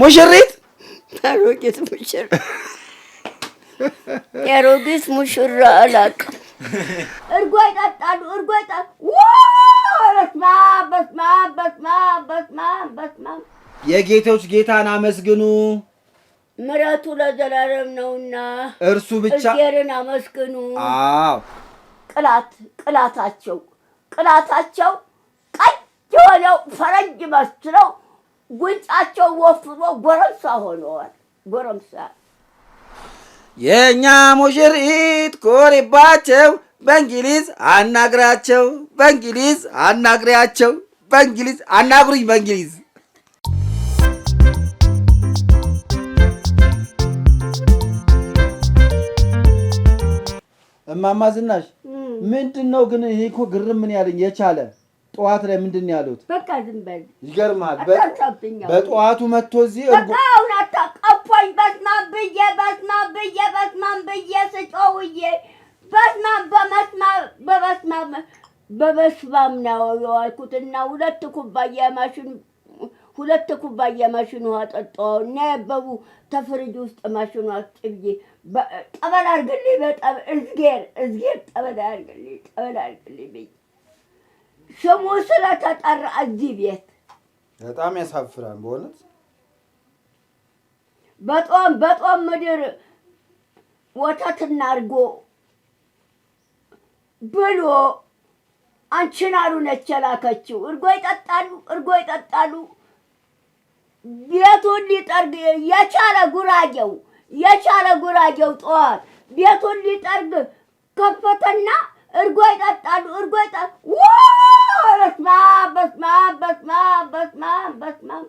ሙሽሪት አሮጌት ሙሽራ የአሮጌት ሙሽራ አላውቅም። እርጎ ይጠጣሉ። እርጎ የጌቶች ጌታን አመስግኑ ምሕረቱ ለዘላለም ነውና እርሱ ብቻ እግዚአብሔርን አመስግኑ። አዎ ቅላት ቅላታቸው ቅላታቸው ቀይ የሆነው ፈረንጅ መስለው ጉንጫቸው ወፍሮ ጎረምሳ ሆነዋል። ጎረምሳ የእኛ ሙሽሪት ኮሪባቸው በእንግሊዝ አናግራቸው በእንግሊዝ አናግሪያቸው በእንግሊዝ አናግሩኝ በእንግሊዝ እማማ ዝናሽ ምንድን ነው ግን? ይሄ እኮ ግርም ምን ያለኝ የቻለ ጠዋት ላይ ምንድን ነው ያሉት? በቃ ዝም በል። ይገርማል። በጠዋቱ መጥቶ እዚህ በቃውን አታቀፖኝ። በስማን ብዬ በስማን ብዬ በስማን ብዬ ስጮውዬ በስማን በመስማ በበስማ በበስማም ነው የዋልኩት እና ሁለት ኩባያ ማሽን ሁለት ኩባያ ማሽን ውሃ ጠጣሁ እና የበቡ ተፍሪጅ ውስጥ ማሽን አጥብዬ ጠበል አድርግልኝ። በጣም እዝጌር እዝጌር ጠበል አድርግልኝ ጠበል አድርግልኝ ስሙ ስለተጠራ እዚህ ቤት በጣም ያሳፍራል። በእውነት በጦም በጦም ምድር ወተትና እርጎ ብሎ አንቺን አሉ ነች የላከችው። እርጎ ይጠጣሉ፣ እርጎ ይጠጣሉ። ቤቱን ሊጠርግ የቻለ ጉራጌው የቻለ ጉራጌው ጠዋት ቤቱን ሊጠርግ ከፈተና እርጎ ይጠጣሉ፣ እርጎ ይጠ በስመ አብ በስመ አብ በስመ አብ በስመ አብ በስመ አብ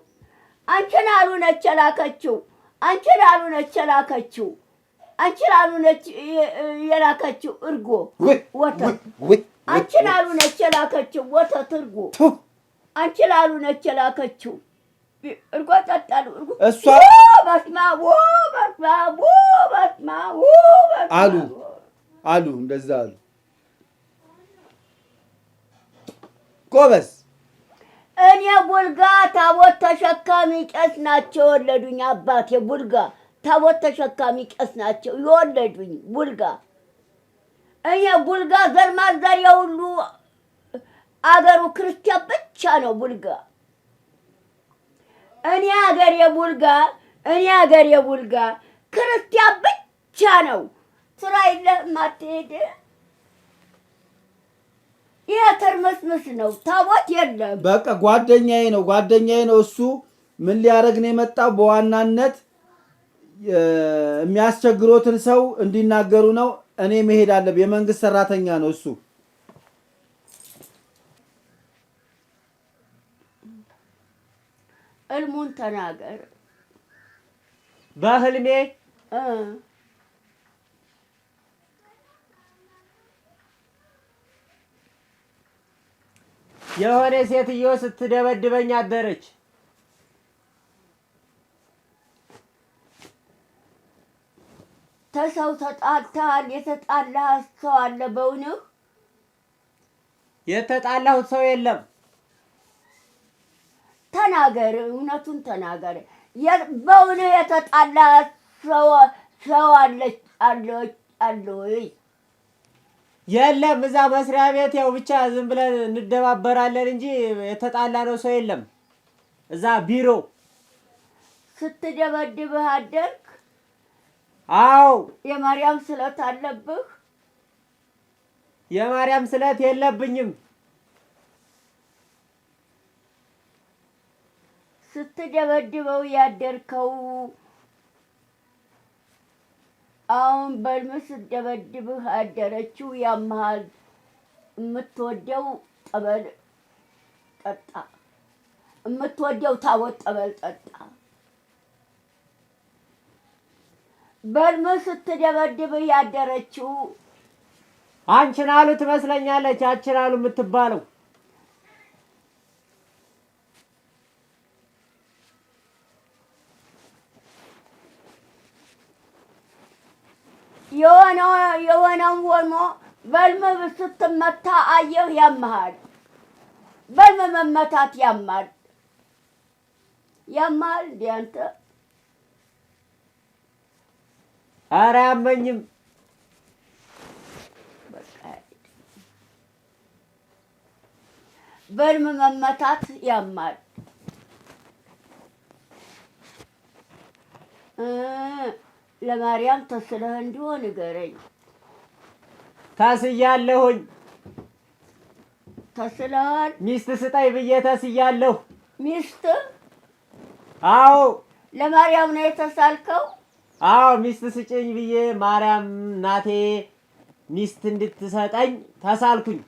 አንቺን አሉ ነች የላከችው። አንቺን አሉ ነች የላከችው። አንቺን አሉ ነች የላከችው እርጎ ወተት። አንቺን አሉ ነች የላከችው ወተት እርጎ። አንቺን አሉ ነች የላከችው እርጎ ጠጣሉ። እሷ በስመ አብ በስመ አብ በስመ አብ አሉ እንደዛ አሉ ጎበዝ። እኔ ቡልጋ ታቦት ተሸካሚ ቄስ ናቸው የወለዱኝ። አባቴ ቡልጋ ታቦት ተሸካሚ ቄስ ናቸው የወለዱኝ። ቡልጋ እኔ ቡልጋ ዘርማዘር የሁሉ አገሩ ክርስቲያን ብቻ ነው ቡልጋ። እኔ አገር የቡልጋ እኔ አገር የቡልጋ ክርስቲያን ብቻ ነው። ስራ የለህም አትሄድ ይሄ ነው። ታቦት የለም። በቃ ጓደኛዬ ነው ጓደኛዬ ነው። እሱ ምን ሊያደርግ ነው የመጣው? በዋናነት የሚያስቸግሮትን ሰው እንዲናገሩ ነው። እኔ መሄድ አለብኝ። የመንግስት ሰራተኛ ነው እሱ። እልሙን ተናገር በህልሜ የሆነ ሴትዮ ስትደበድበኝ አደረች። ተሰው ተጣልተሃል? የተጣላህ ሰው አለ? በውንህ የተጣላሁት ሰው የለም። ተናገር፣ እውነቱን ተናገር። በውንህ የተጣላህ ሰው አለች? አለች? አለች? የለም እዛ መስሪያ ቤት ያው ብቻ ዝም ብለን እንደባበራለን እንጂ የተጣላ ነው ሰው የለም። እዛ ቢሮ ስትደበድብህ አደርክ? አዎ። የማርያም ስለት አለብህ? የማርያም ስለት የለብኝም። ስትደበድበው ያደርከው አሁን በልም ስትደበድብህ አደረችው። ያመሃል የምትወደው ጠበል ጠጣ፣ የምትወደው ታቦት ጠበል ጠጣ። በልም ስትደበድብህ ያደረችው አንቺን አሉ ትመስለኛለች። አንቺን አሉ የምትባለው የሆነው ሆኖ በልም ስትመታ አየህ ያመሃል። በህልም መመታት ያማል ያማል። እንደ አንተ ኧረ አያመኝም። በህልም መመታት ያማል። እ ለማርያም ተስለህ እንዲሆን ንገረኝ። ተስያለሁኝ። ተስለሃል። ሚስት ስጠኝ ብዬ ተስያለሁ። ሚስት? አዎ። ለማርያም ነው የተሳልከው? አዎ፣ ሚስት ስጭኝ ብዬ ማርያም ናቴ ሚስት እንድትሰጠኝ ተሳልኩኝ።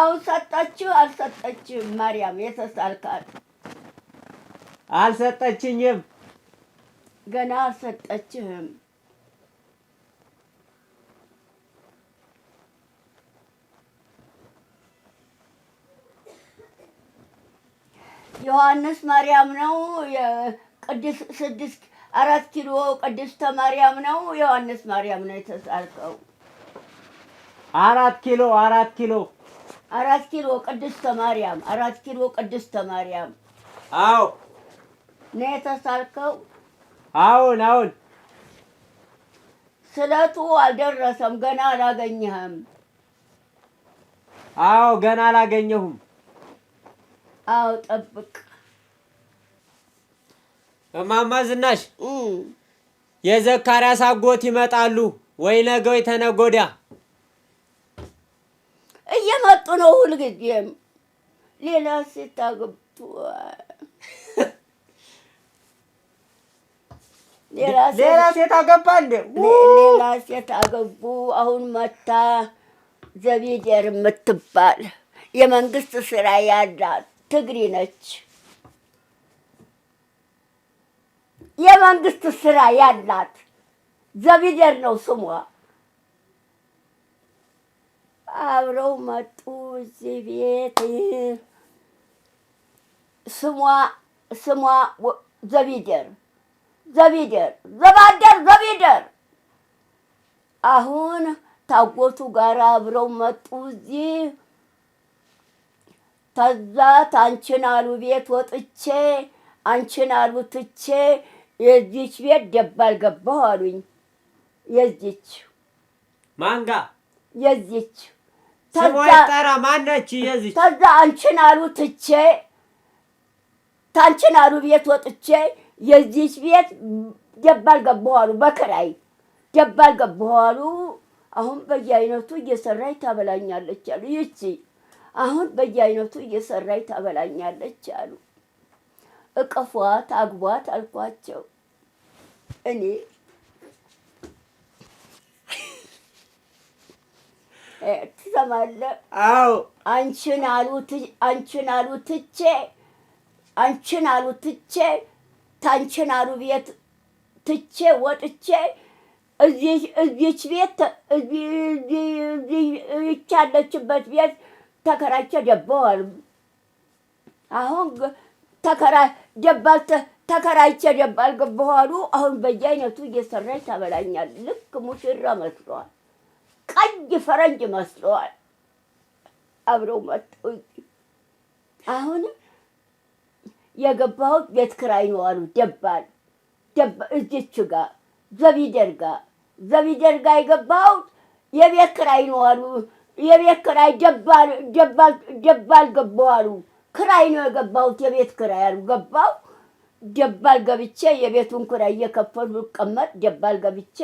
አዎ፣ ሰጠችው አልሰጠችም? ማርያም የተሳልካል? አልሰጠችኝም። ገና አልሰጠችህም። ዮሐንስ ማርያም ነው። ቅዱስ ስድስት አራት ኪሎ ቅድስተ ማርያም ነው። ዮሐንስ ማርያም ነው የተሳልከው። አራት ኪሎ አራት ኪሎ አራት ኪሎ ቅድስተ ማርያም አራት ኪሎ ቅድስተ ማርያም። አዎ ነው የተሳልከው። አሁን አሁን ስለቱ አልደረሰም። ገና አላገኘህም። አዎ ገና አላገኘሁም። አዎ ጠብቅ። እማማ ዝናሽ የዘካርያስ አጎት ይመጣሉ ወይ? ነገ ወይ ተነገ ወዲያ እየመጡ ነው። ሁልጊዜም ሌላ ሴት አግብቷል። ሌላ ሴት አገባ እንዴ? ሌላ ሴት አገቡ። አሁን መታ ዘቢደር የምትባል የመንግስት ስራ ያላት ትግሪ ነች። የመንግስት ስራ ያላት ዘቢደር ነው ስሟ። አብረው መጡ እዚህ ቤት። ስሟ ስሟ ዘቢደር ዘቢደር ዘባደር ዘቢደር። አሁን ታጎቱ ጋር አብረው መጡ እዚህ። ከዛ ታንቺን አሉ ቤት ወጥቼ አንቺን አሉ ትቼ የዚች ቤት ደባል ገባሁ አሉኝ። የዚች ማንጋ የዚች ተራ ማነች የዚች ከዛ አንቺን አሉ ትቼ ታንቺን አሉ ቤት ወጥቼ የዚች ቤት ደባል ገባኋሉ፣ በክራይ ደባል ገባኋሉ። አሁን በየአይነቱ እየሰራይ ታበላኛለች አሉ። ይቺ አሁን በየአይነቱ እየሰራይ ታበላኛለች አሉ። እቅፏት አግቧት አልኳቸው እኔ ትሰማለህ? አዎ አንቺን አሉ አንቺን አሉ ትቼ አንቺን አሉ ትቼ ታንችናሩ ቤት ትቼ ወጥቼ እዚች ቤት እዚች ያለችበት ቤት ተከራይቼ ደባዋል። አሁን ተከራ ደባል ተከራይቼ ደባል ገባዋሉ። አሁን በየአይነቱ እየሰራች ታበላኛል። ልክ ሙሽራ መስለዋል። ቀይ ፈረንጅ መስለዋል። አብረው መጠው አሁንም የገባሁት ቤት ክራይ ነው አሉ። ደባል እዚች ጋ ዘቢደር ጋ ዘቢደር ጋ የገባሁት የቤት ክራይ ነው አሉ። የቤት ክራይ ደባል ደባል ደባል ገባሁ አሉ። ክራይ ነው የገባሁት የቤት ክራይ አሉ። ገባሁ ደባል ገብቼ የቤቱን ክራይ እየከፈሉ ቀመጥ ደባል ገብቼ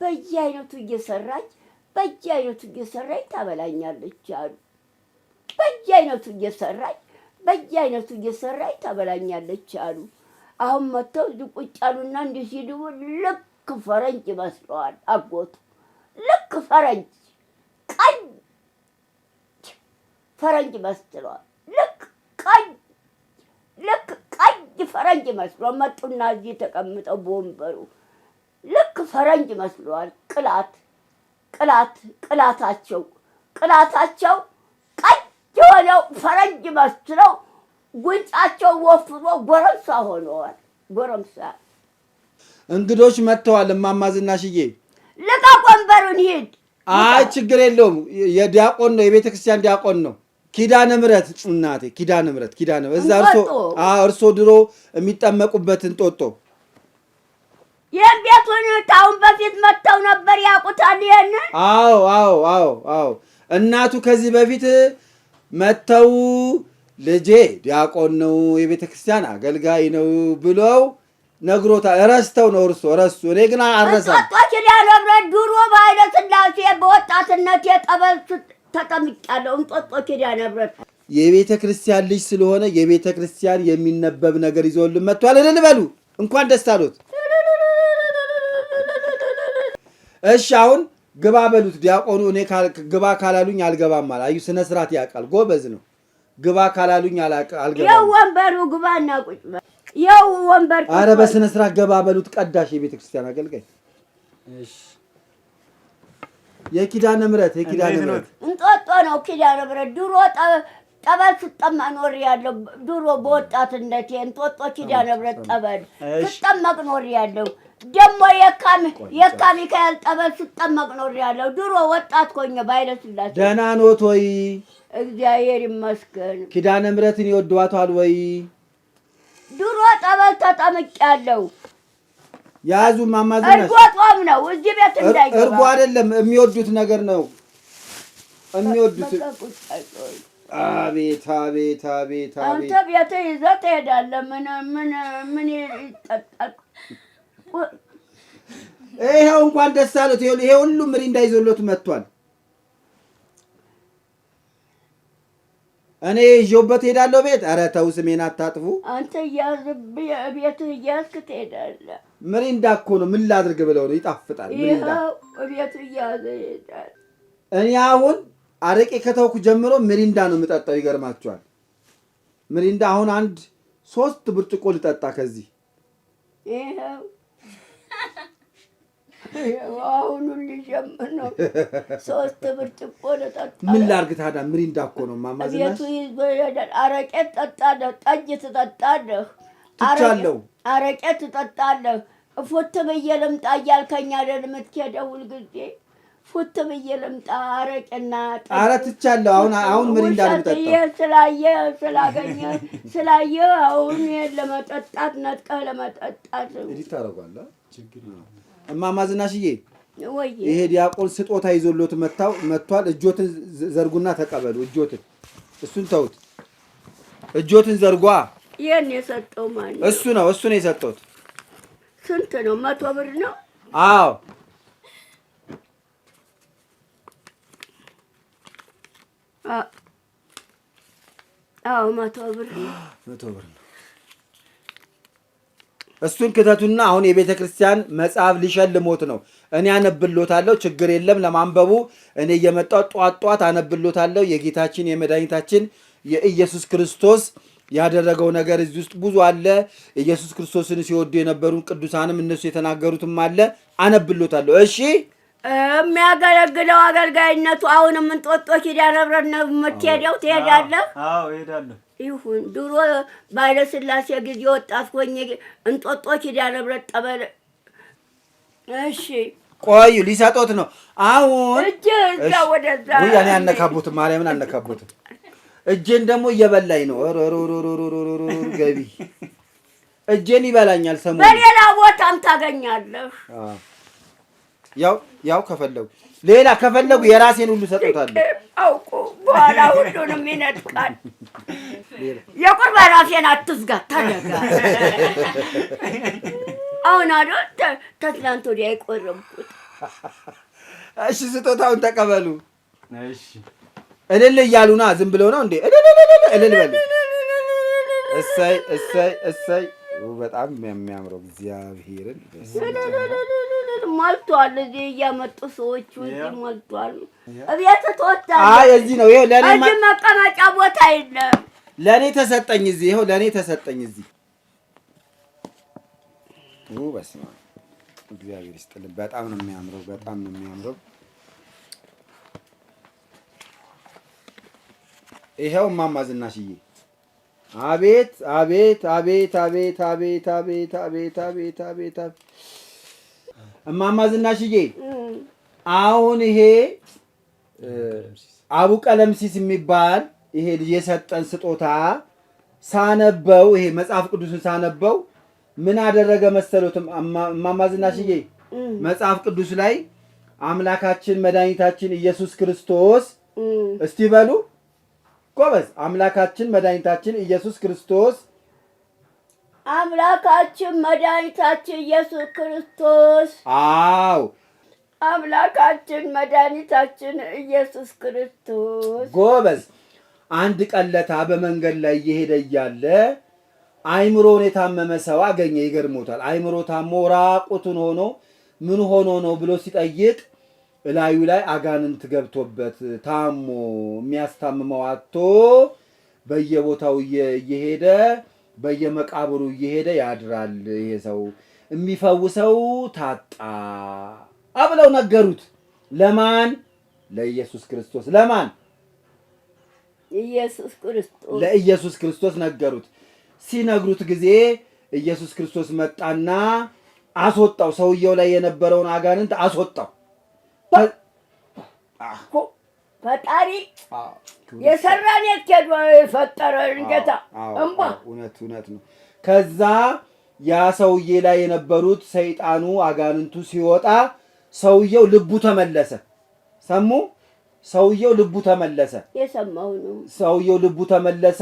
በየአይነቱ እየሰራች በየአይነቱ እየሰራች ታበላኛለች አሉ። በየአይነቱ እየሰራች በየአይነቱ እየሰራች ታበላኛለች አሉ። አሁን መጥተው እዚህ ቁጭ አሉና እንዲህ ሲድቡ ልክ ፈረንጅ ይመስለዋል አጎቱ። ልክ ፈረንጅ ቀይ ፈረንጅ ይመስለዋል። ልክ ቀይ ልክ ቀይ ፈረንጅ ይመስለዋል። መጡና እዚህ ተቀምጠው በወንበሩ ልክ ፈረንጅ ይመስለዋል። ቅላት ቅላት ቅላታቸው ቅላታቸው የሆነው ፈረንጅ መስለው ጉንጫቸው ወፍሮ ጎረምሳ ሆነዋል። ጎረምሳ እንግዶች መጥተዋል። እማማ ዝናሽዬ ልቀቅ ወንበሩን፣ ሂድ። አይ ችግር የለውም የዲያቆን ነው የቤተ ክርስቲያን ዲያቆን ነው። ኪዳነ ምሕረት እናቴ ኪዳነ ምሕረት ኪዳነ እዛ እርሶ እርሶ ድሮ የሚጠመቁበትን ጦጦ የቤቱን ታሁን በፊት መጥተው ነበር ያውቁታል። ይሄንን አዎ አዎ አዎ አዎ እናቱ ከዚህ በፊት መጥተው ልጄ ዲያቆን ነው የቤተ ክርስቲያን አገልጋይ ነው ብለው ነግሮታል። እረስተው ነው እርሶ ረሱ። እኔ ግን አረሳል ኪዳነምህረት ድሮ በኃይለ ሥላሴ በወጣትነት የጠበል ተጠምቄያለሁ። እንጦጦ ኪዳነምህረት የቤተ ክርስቲያን ልጅ ስለሆነ የቤተ ክርስቲያን የሚነበብ ነገር ይዞልን መጥቷል። እልል በሉ እንኳን ደስ አሉት። እሺ አሁን ግባ በሉት። ዲያቆኑ እኔ ግባ ካላሉኝ አልገባም አለ። አዩ ስነ ስርዓት ያውቃል፣ ጎበዝ ነው። ግባ ካላሉኝ አልገባም። ያው ወንበሩ ግባ እና ቁጭ በል። ያው ወንበር አረ በስነ ስርዓት ገባ በሉት። ቀዳሽ የቤተ ክርስቲያን አገልጋይ እሺ። የኪዳነ ምሕረት የኪዳነ ምሕረት እንጦጦ ነው። ኪዳነ ምሕረት ድሮ ጠበል ስጠማ ኖር ያለው ድሮ በወጣትነቴ እንጦጦ ኪዳነ ምሕረት ጠበል ስጠመቅ ኖር ያለው ደግሞ የካ ሚካኤል ጠበል ስጠመቅ ኖር ያለው። ድሮ ወጣት ኮኘ ባይለ ስላሴ ደህና ኖት ወይ? እግዚአብሔር ይመስገን። ኪዳነ ምሕረትን ይወደዋታል ወይ? ድሮ ጠበል ተጠምቅ ያለው ያዙ ማማዘነ እርጎ ጦም ነው። እዚህ ቤት እንዳይገባ እርጎ አይደለም የሚወዱት ነገር ነው የሚወዱት። አቤት አቤት አቤት አቤት! አንተ ቤት ይዘህ ትሄዳለህ። ምን ምን ምን ይጠጣል ይኸው እንኳን ደስ አሉት። ይሄ ሁሉ ምሪንዳ ይዞሎት መጥቷል። እኔ ይዤበት እሄዳለሁ ቤት። ኧረ ተው ስሜን አታጥፉ። አንተ እያዝብህ ቤትህ እያዝክ ትሄዳለህ። ምሪንዳ እኮ ነው ምን ላድርግ ብለው ነው ይጣፍጣል። ይኸው ቤትህ እያዝህ ይሄዳል። እኔ አሁን አረቄ ከተውኩ ጀምሮ ምሪንዳ ነው የምጠጣው። ይገርማችኋል። ምሪንዳ አሁን አንድ ሶስት ብርጭቆ ልጠጣ ከዚህ አሁኑን ሊጀምር ነው። ሶስት ብርጭቆ ጠጣ። ምን ላድርግ ታዲያ? ሚሪንዳ እኮ ነው ማማዘናሽ። ቤቱ አረቄ ትጠጣለህ፣ ጠጅ ትጠጣለህ፣ ትቻለሁ። አረቄ ትጠጣለህ። እፎት ብዬ ልምጣ እያልከኝ አይደል የምትሄደው ሁልጊዜ ፉት ብዬ ልምጣ አረቄና ኧረ ትቻለሁ። አሁን አሁን ምሪንዳ ልምጠጣው ስላየ ስላገኘ ስላየ አሁን ለመጠጣት ነጥቀህ ለመጠጣት እንዲህ ታደርጓለህ። እማማ ዝናሽዬ ይሄ ዲያቆን ስጦታ ይዞሎት መታው መጥቷል። እጆትን ዘርጉና ተቀበሉ። እጆትን እሱን ተውት። እጆትን ዘርጓ። ይህን የሰጠው ማን እሱ ነው እሱ ነው የሰጠውት። ስንት ነው? መቶ ብር ነው። አዎ አዎ መቶ ብር መቶ ብር ነው። እሱን ክተቱና አሁን የቤተ ክርስቲያን መጽሐፍ ሊሸልሞት ነው። እኔ አነብሎታለሁ፣ ችግር የለም ለማንበቡ እኔ እየመጣሁ ጧት ጧት አነብሎታለሁ። የጌታችን የመድኃኒታችን የኢየሱስ ክርስቶስ ያደረገው ነገር እዚህ ውስጥ ብዙ አለ። ኢየሱስ ክርስቶስን ሲወዱ የነበሩን ቅዱሳንም እነሱ የተናገሩትም አለ። አነብሎታለሁ። እሺ የሚያገለግለው አገልጋይነቱ አሁንም እንጦጦ ኪዳነ ምህረት ነው የምትሄደው? ትሄዳለህ? አዎ እሄዳለሁ። ይሁን ድሮ ባለስላሴ ጊዜ ወጣት ሆኜ እንጦጦ ኪዳነ ምህረት ጠበል። እሺ ቆዩ፣ ሊሰጦት ነው አሁን። እጄ እዛ ወደዛ ያኔ አነካቡትም፣ ማርያምን አነካቡትም። እጄን ደግሞ እየበላኝ ነው። ገቢ እጄን ይበላኛል። ሰሞኑን በሌላ ቦታም ታገኛለህ። አዎ ያው ያው ከፈለጉ ሌላ ከፈለጉ የራሴን ሁሉ ሰጥቷል። አውቁ በኋላ ሁሉንም ይነጥቃል። የቁርባ ራሴን አትዝጋ ታደጋ አሁን አዶ ተትላንት ወዲያ የቆረብኩት። እሺ ስጦታውን ተቀበሉ። እልል እያሉ ና ዝም ብለው ነው እንዴ? እልል በሉ። እሰይ እሰይ እሰይ! በጣም የሚያምረው እግዚአብሔርን ሞልቷል። እዚህ እያመጡ ሰዎቹ እዚህ ሞልቷል። እቤት ትወጣለህ። እዚህ ነው እዚህ መቀመጫ ቦታ የለም። ለእኔ ተሰጠኝ። እዚህ ይኸው ለእኔ ተሰጠኝ። እዚህ በስመ አብ እግዚአብሔር ይስጥልን። በጣም ነው የሚያምረው፣ በጣም ነው የሚያምረው። ይኸው እማማ ዝናሽዬ አቤት አቤት አቤት አቤት አቤት አቤት አቤት አቤት አቤት እማማ ዝናሽዬ አሁን ይሄ አቡ ቀለምሲስ የሚባል ይሄ የሰጠን ስጦታ ሳነበው ይሄ መጽሐፍ ቅዱስን ሳነበው ምን አደረገ መሰሎት? እማማ ዝናሽዬ መጽሐፍ ቅዱስ ላይ አምላካችን መድኃኒታችን ኢየሱስ ክርስቶስ እስቲ በሉ ጎበዝ፣ አምላካችን መድኃኒታችን ኢየሱስ ክርስቶስ አምላካችን መድኃኒታችን ኢየሱስ ክርስቶስ። አዎ አምላካችን መድኃኒታችን ኢየሱስ ክርስቶስ። ጎበዝ። አንድ ቀለታ በመንገድ ላይ እየሄደ እያለ አይምሮን የታመመ ሰው አገኘ። ይገርሞታል። አይምሮ ታሞ ራቁቱን ሆኖ ምን ሆኖ ነው ብሎ ሲጠይቅ እላዩ ላይ አጋንንት ገብቶበት ታሞ የሚያስታምመው አቶ በየቦታው እየሄደ በየመቃብሩ እየሄደ ያድራል ይሄ ሰው የሚፈውሰው ታጣ ብለው ነገሩት። ለማን? ለኢየሱስ ክርስቶስ። ለማን? ኢየሱስ ክርስቶስ። ለኢየሱስ ክርስቶስ ነገሩት። ሲነግሩት ጊዜ ኢየሱስ ክርስቶስ መጣና አስወጣው። ሰውየው ላይ የነበረውን አጋንንት አስወጣው። ፈጣሪ የሰራን የት የፈጠረን ጌታ እምባ እውነት እውነት ነው። ከዛ ያ ሰውዬ ላይ የነበሩት ሰይጣኑ አጋንንቱ ሲወጣ ሰውየው ልቡ ተመለሰ። ሰሙ ሰውየው ልቡ ተመለሰ። የሰማው ሰውየው ልቡ ተመለሰ።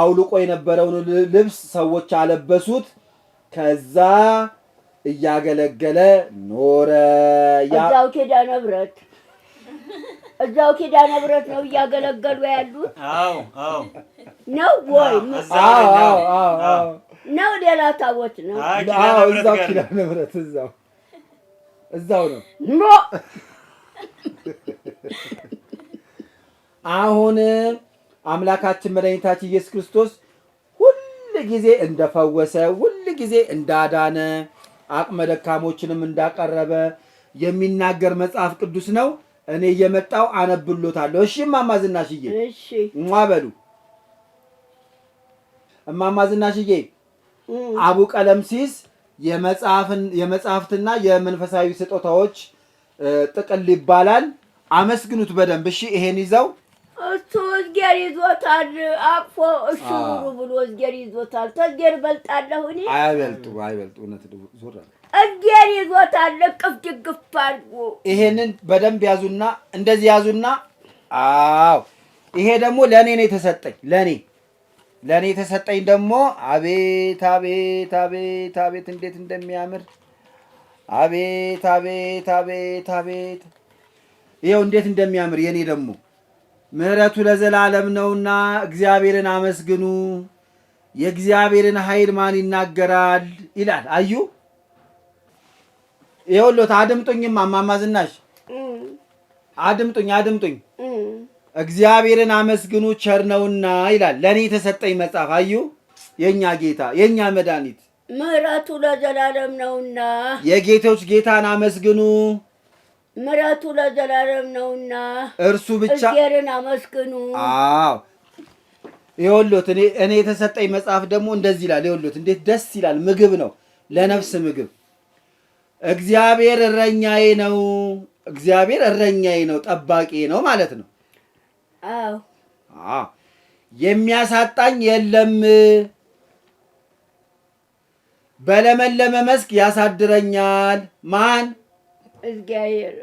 አውልቆ የነበረውን ልብስ ሰዎች አለበሱት። ከዛ እያገለገለ ኖረ። እዛው ኪዳነ ምሕረት እዛው ኪዳነ ብረት ነው እያገለገሉ ያሉት? አዎ አዎ። ነው ወይ? አዎ አዎ አዎ። ነው ሌላ ታቦት ነው? አዎ እዛው ኪዳነ ብረት እዛው እዛው ነው። ኖ አሁን አምላካችን መድኃኒታችን ኢየሱስ ክርስቶስ ሁል ጊዜ እንደፈወሰ ሁል ጊዜ እንዳዳነ አቅመ ደካሞችንም እንዳቀረበ የሚናገር መጽሐፍ ቅዱስ ነው። እኔ እየመጣው አነብሎታለሁ። እሺ እማማ ዝናሽዬ፣ እሺ እሟ በሉ እማማ ዝናሽዬ። አቡ ቀለምሲስ የመጽሐፍትና የመንፈሳዊ ስጦታዎች ጥቅል ይባላል። አመስግኑት በደንብ እሺ። ይሄን ይዘው እሱ እዝጌር ይዞታል አቅፎ እሱ ብሎ እዝጌር ይዞታል። ተዝጌር በልጣለሁ እኔ። አይበልጡ አይበልጡ። እውነት ዞር እንዴት ይዞታል? ቅፍ ድግፍ አድርጎ ይሄንን በደንብ ያዙና እንደዚህ ያዙና፣ አዎ ይሄ ደግሞ ለእኔ ነው የተሰጠኝ። ለእኔ ለእኔ የተሰጠኝ ደግሞ አቤት አቤት አቤት አቤት እንዴት እንደሚያምር አቤት አቤት አቤት አቤት ይኸው እንዴት እንደሚያምር የእኔ ደግሞ ምሕረቱ ለዘላለም ነውና እግዚአብሔርን አመስግኑ። የእግዚአብሔርን ኃይል ማን ይናገራል ይላል። አዩ ይኸውልዎት አድምጡኝማ እማማ ዝናሽ አድምጡኝ አድምጡኝ። እግዚአብሔርን አመስግኑ ቸር ነውና ይላል። ለእኔ የተሰጠኝ መጽሐፍ አዩ። የእኛ ጌታ የእኛ መድኃኒት ምሕረቱ ለዘላለም ነውና የጌቶች ጌታን አመስግኑ ምሕረቱ ለዘላለም ነውና እርሱ ብቻ እግዚአብሔርን አመስግኑ። አዎ ይኸውልዎት እኔ የተሰጠኝ መጽሐፍ ደግሞ እንደዚህ ይላል። ይኸውልዎት እንዴት ደስ ይላል! ምግብ ነው ለነፍስ ምግብ እግዚአብሔር እረኛዬ ነው። እግዚአብሔር እረኛዬ ነው፣ ጠባቂ ነው ማለት ነው። የሚያሳጣኝ የለም። በለመለመ መስክ ያሳድረኛል። ማን? እግዚአብሔር።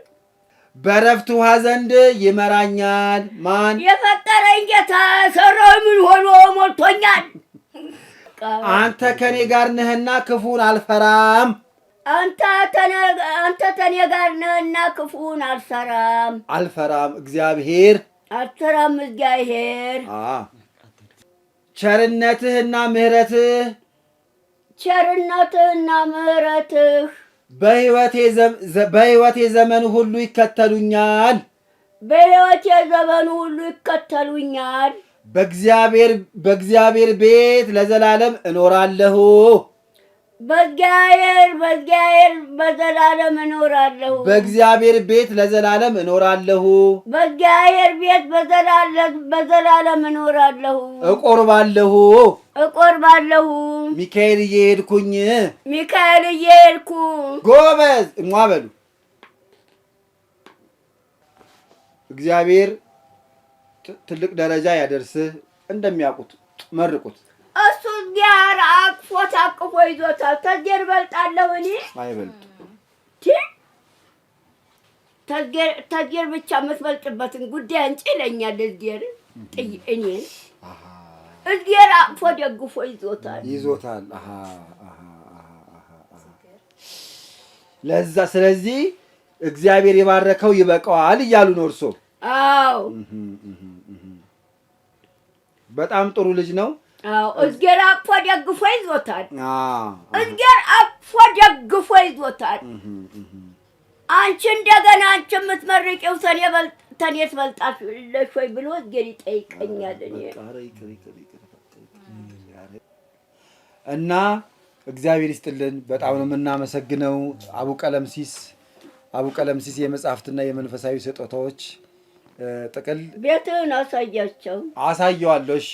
በረፍት ውሃ ዘንድ ይመራኛል። ማን? የፈጠረኝ ጌታ። ሰራዊ ምን ሆኖ ሞልቶኛል። አንተ ከኔ ጋር ነህና ክፉን አልፈራም አንተ ተኔ ጋር ነህና ክፉን አልሰራም አልፈራም። እግዚአብሔር አልሰራም። እግዚአብሔር ቸርነትህና ምሕረትህ ቸርነትህና ምሕረትህ በሕይወቴ ዘመን ሁሉ ይከተሉኛል በሕይወቴ ዘመን ሁሉ ይከተሉኛል። በእግዚአብሔር ቤት ለዘላለም እኖራለሁ በእግዚአብሔር በእግዚአብሔር በዘላለም እኖራለሁ። በእግዚአብሔር ቤት ለዘላለም እኖራለሁ። በእግዚአብሔር ቤት በዘላለም እኖራለሁ። እቆርባለሁ እቆርባለሁ። ሚካኤል እየሄድኩኝ ሚካኤል እየሄድኩ ጎበዝ እሟ በሉ። እግዚአብሔር ትልቅ ደረጃ ያደርስህ። እንደሚያውቁት መርቁት እሱ እዚያ አቅፎት ይዞታል። ተዝጌር እበልጣለሁ እኔ አይበልጥ ብቻ የምትበልጥበትን ጉዳይ ይለኛል። እኔ አቅፎ ደግፎ ይዞታል ይዞታል። ለዛ ስለዚህ እግዚአብሔር የባረከው ይበቃዋል እያሉ ነው እርሶ። አዎ በጣም ጥሩ ልጅ ነው። እዝጌር አፎ ደግፎ ይዞታል። እዝጌር አፎ ደግፎ ይዞታል። አንቺ እንደገና አንቺ የምትመርቂው ሰኔ በልጥ ተኔ ትበልጣለሽ ወይ ብሎ እዝጌር ይጠይቀኛል። እና እግዚአብሔር ይስጥልን። በጣም ነው የምናመሰግነው አቡ ቀለምሲስ አቡ ቀለምሲስ የመጽሐፍትና የመንፈሳዊ ስጦታዎች ጥቅል ቤትህን አሳያቸው። አሳየዋለሁ። እሺ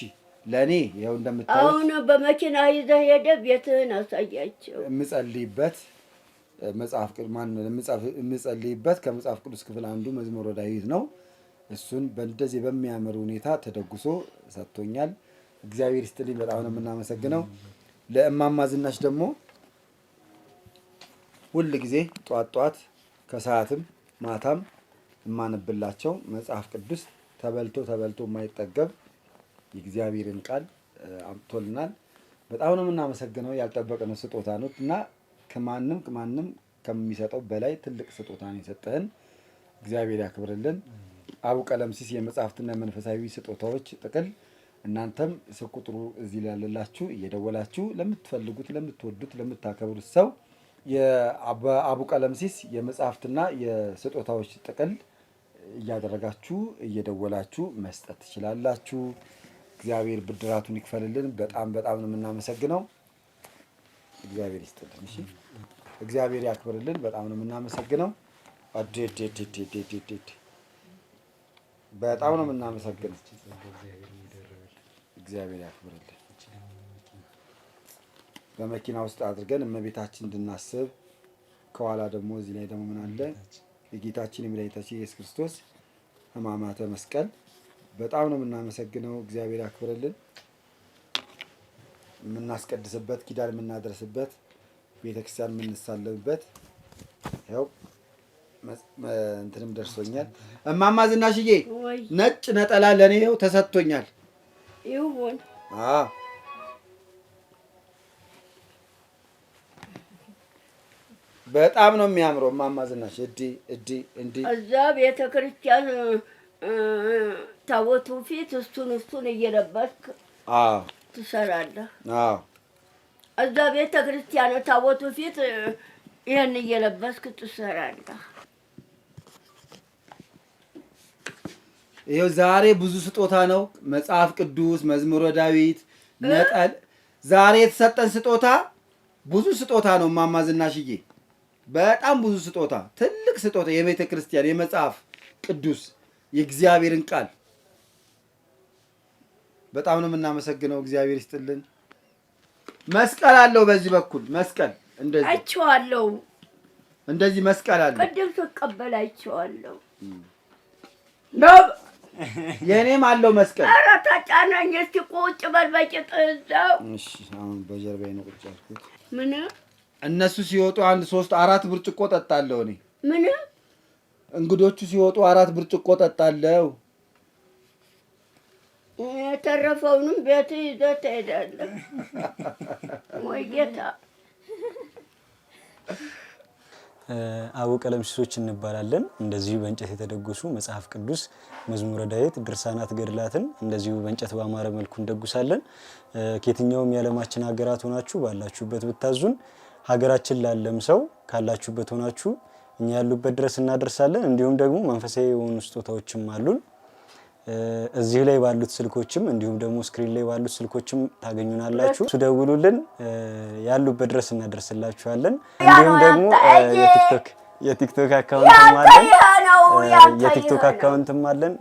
ለእኔ ይኸው እንደምታዩት አሁን በመኪና ይዘህ ሄደ ቤትህን አሳያቸው። የምጸልይበት መጽሐፍ የምጸልይበት ከመጽሐፍ ቅዱስ ክፍል አንዱ መዝሙረ ዳዊት ነው። እሱን በእንደዚህ በሚያምር ሁኔታ ተደጉሶ ሰጥቶኛል። እግዚአብሔር ይስጥልኝ። በጣም ነው የምናመሰግነው። ለእማማ ዝናሽ ደግሞ ሁል ጊዜ ጧት ጧት ከሰዓትም ማታም እማንብላቸው መጽሐፍ ቅዱስ ተበልቶ ተበልቶ የማይጠገብ የእግዚአብሔርን ቃል አምጥቶልናል። በጣም ነው የምናመሰግነው። ያልጠበቅነው ስጦታ ነው እና ከማንም ከማንም ከሚሰጠው በላይ ትልቅ ስጦታ ነው የሰጠህን። እግዚአብሔር ያክብርልን። አቡ ቀለምሲስ የመጽሐፍትና መንፈሳዊ ስጦታዎች ጥቅል። እናንተም ስልክ ቁጥሩ እዚህ ላለላችሁ እየደወላችሁ ለምትፈልጉት፣ ለምትወዱት፣ ለምታከብሩት ሰው የአቡ ቀለምሲስ የመጽሐፍትና የስጦታዎች ጥቅል እያደረጋችሁ እየደወላችሁ መስጠት ትችላላችሁ። እግዚአብሔር ብድራቱን ይክፈልልን። በጣም በጣም ነው የምናመሰግነው። እግዚአብሔር ይስጥልን። እሺ፣ እግዚአብሔር ያክብርልን። በጣም ነው የምናመሰግነው። በጣም ነው የምናመሰግነው። እግዚአብሔር ያክብርልን። በመኪና ውስጥ አድርገን እመቤታችን እንድናስብ ከኋላ ደግሞ እዚህ ላይ ደግሞ ምን አለ የጌታችን የመድኃኒታችን ኢየሱስ ክርስቶስ ሕማማተ መስቀል በጣም ነው የምናመሰግነው። እግዚአብሔር ያክብርልን። የምናስቀድስበት ኪዳን የምናደርስበት ቤተክርስቲያን የምንሳለምበት ያው እንትንም ደርሶኛል። እማማ ዝናሽዬ ነጭ ነጠላ ለእኔ ይኸው ተሰጥቶኛል። ይሁን በጣም ነው የሚያምረው። እማማ ዝናሽ እዲ እዲ እንዲ እዛ ቤተክርስቲያን ታቦቱ ፊት እሱን እሱን እየለበስክ ትሰራለህ። እዛ ቤተ ክርስቲያን ታቦቱ ፊት ይህን እየለበስክ ትሰራለህ። ይኸው ዛሬ ብዙ ስጦታ ነው። መጽሐፍ ቅዱስ፣ መዝሙረ ዳዊት፣ ነጠል ዛሬ የተሰጠን ስጦታ ብዙ ስጦታ ነው። እማማ ዝናሽዬ በጣም ብዙ ስጦታ፣ ትልቅ ስጦታ የቤተ ክርስቲያን የመጽሐፍ ቅዱስ የእግዚአብሔርን ቃል በጣም ነው የምናመሰግነው። እግዚአብሔር ይስጥልን። መስቀል አለው በዚህ በኩል መስቀል እንደዚህ አይቼዋለሁ። እንደዚህ መስቀል አለው። ቅድም ስቀበል አይቼዋለሁ። ነው የእኔም አለው መስቀል። ኧረ ተጫናኝ እስኪ ቁጭ በል በቂጥ እዛው። እሺ አሁን በጀርባዬ ነው ቁጭ ያልኩት። ምን እነሱ ሲወጡ አንድ ሶስት አራት ብርጭቆ ጠጣለሁ እኔ። ምን እንግዶቹ ሲወጡ አራት ብርጭቆ ጠጣለሁ። የተረፈውንም ቤት ይዘህ ትሄዳለህ ወይ ጌታ። አቡ ቀለምሲሶች እንባላለን። እንደዚሁ በእንጨት የተደጎሱ መጽሐፍ ቅዱስ፣ መዝሙረ ዳዊት፣ ድርሳናት፣ ገድላትን እንደዚሁ በእንጨት በአማረ መልኩ እንደጉሳለን። ከየትኛውም የዓለማችን ሀገራት ሆናችሁ ባላችሁበት ብታዙን ሀገራችን ላለም ሰው ካላችሁበት ሆናችሁ እኛ ያሉበት ድረስ እናደርሳለን። እንዲሁም ደግሞ መንፈሳዊ የሆኑ ስጦታዎችም አሉን። እዚህ ላይ ባሉት ስልኮችም እንዲሁም ደግሞ ስክሪን ላይ ባሉት ስልኮችም ታገኙናላችሁ። ትደውሉልን፣ ያሉበት ድረስ እናደርስላችኋለን። እንዲሁም ደግሞ የቲክቶክ የቲክቶክ አካውንትም አለን የቲክቶክ አካውንትም አለን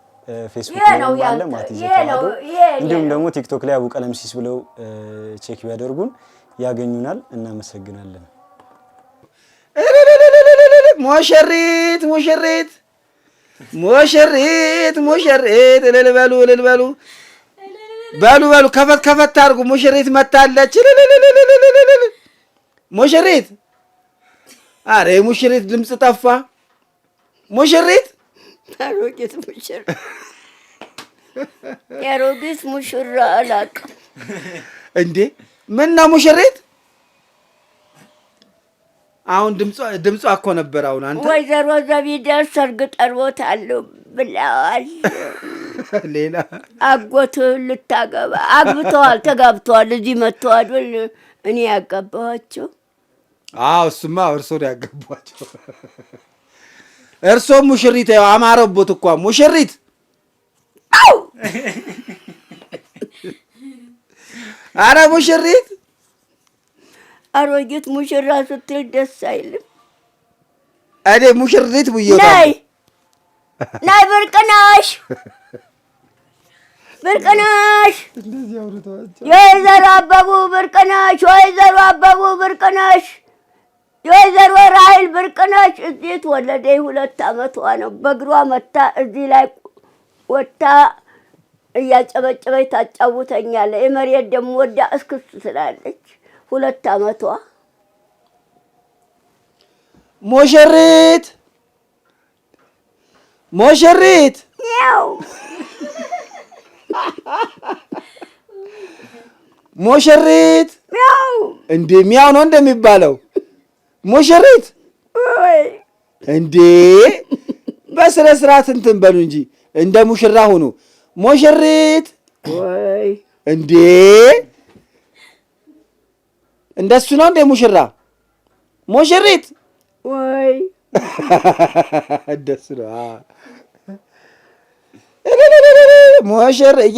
ፌስቡክ ላይ አለ ማለት ይዘታሉ። እንዲሁም ደግሞ ቲክቶክ ላይ አቡ ቀለምሲስ ብለው ቼክ ቢያደርጉን ያገኙናል። እናመሰግናለን። ሙሽሪት ሙሽሪት ሙሽሪት ሙሽሪት እልል በሉ እልል በሉ በሉ በሉ ከፈት ከፈት አድርጉ። ሙሽሪት መታለች። ሙሽሪት አረ ሙሽሪት ድምፅ ጠፋ። ሙሽሪት አሮጊት ሙሽራ የአሮጊት ሙሽራ አላውቅም እንዴ ምነው ሙሽሪት አሁን ድምጿ እኮ ነበር። አሁን አንተ ወይዘሮ ዘቢደር ሰርግ ጠርቦታል ብለዋል። ሌላ አጎት ልታገባ አግብተዋል፣ ተጋብተዋል፣ እዚህ መጥተዋል። እኔ ያጋባኋቸው? አዎ እሱማ እርሶን ያጋባኋቸው። እርሶ ሙሽሪት ያው አማረቦት እኳ ሙሽሪት አረ ሙሽሪት አሮጊት ሙሽራ ስትል ደስ አይልም። አዴ ሙሽሪት ብዬ ናይ ብርቅናሽ ብርቅናሽ የወይዘሮ አበቡ ብርቅናሽ የወይዘሮ አበቡ ብርቅናሽ የወይዘሮ ራይል ብርቅናሽ እዚህ ተወለደ። ሁለት አመቷ ነው። በእግሯ መታ እዚህ ላይ ወታ እያጨበጨበች ታጫውተኛለ። የመሬት ደግሞ ወዳ እስክስት ስላለች ሁለት አመቷ ሙሽሪት ሙሽሪት ያው ሙሽሪት ያው እንዴ ሚያው ነው እንደሚባለው ሙሽሪት እንዴ በስነ ስርዓት እንትን በሉ እንጂ እንደ ሙሽራ ሁኑ ሙሽሪት እንዴ እንደሱ ነው እንደ ሙሽራ ሙሽሪት ወይ እንደሱ ነው። ሙሽርዬ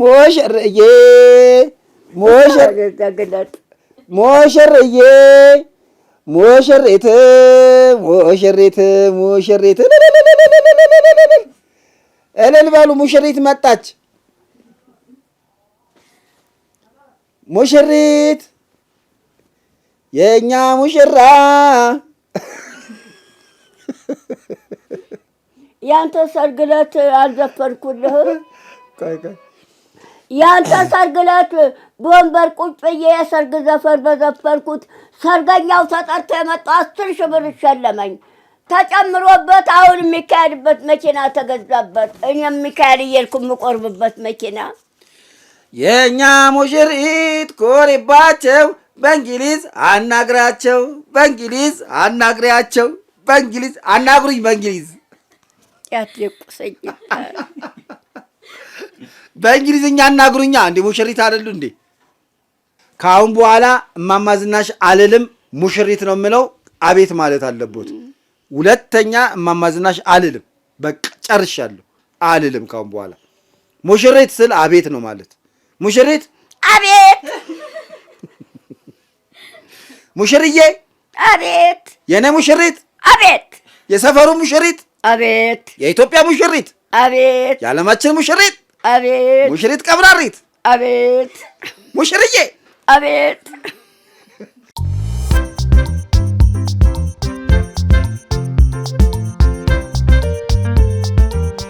ሙሽርዬ ሙሽርዬ ሙሽሪት ሙሽሪት ሙሽሪት እልል በሉ ሙሽሪት መጣች። ሙሽሪት የእኛ ሙሽራ ያንተ ሰርግ ዕለት አልዘፈንኩልህ። ያንተ ሰርግ ዕለት በወንበር ቁጭ ብዬ የሰርግ ዘፈን በዘፈንኩት ሰርገኛው ተጠርቶ የመጣ አስር ሺህ ብር ሸለመኝ ተጨምሮበት አሁን የሚካሄድበት መኪና ተገዛበት። እኔ የሚካሄድ እየልኩ የምቆርብበት መኪና የእኛ ሙሽሪት ኮሪባቸው በእንግሊዝ አናግራቸው በእንግሊዝ አናግሪያቸው በእንግሊዝ አናግሩኝ በእንግሊዝ በእንግሊዝኛ አናግሩኛ። እንዴ ሙሽሪት አደሉ እንዴ? ከአሁን በኋላ እማማዝናሽ አልልም ሙሽሪት ነው የምለው። አቤት ማለት አለቦት። ሁለተኛ እማማዝናሽ አልልም። በቃ ጨርሻለሁ። አልልም ከአሁን በኋላ ሙሽሪት ስል አቤት ነው ማለት ሙሽሪት አቤት። ሙሽርዬ አቤት። የእኔ ሙሽሪት አቤት። የሰፈሩ ሙሽሪት አቤት። የኢትዮጵያ ሙሽሪት አቤት። የዓለማችን ሙሽሪት አቤት። ሙሽሪት ቀብራሪት አቤት። ሙሽርዬ አቤት።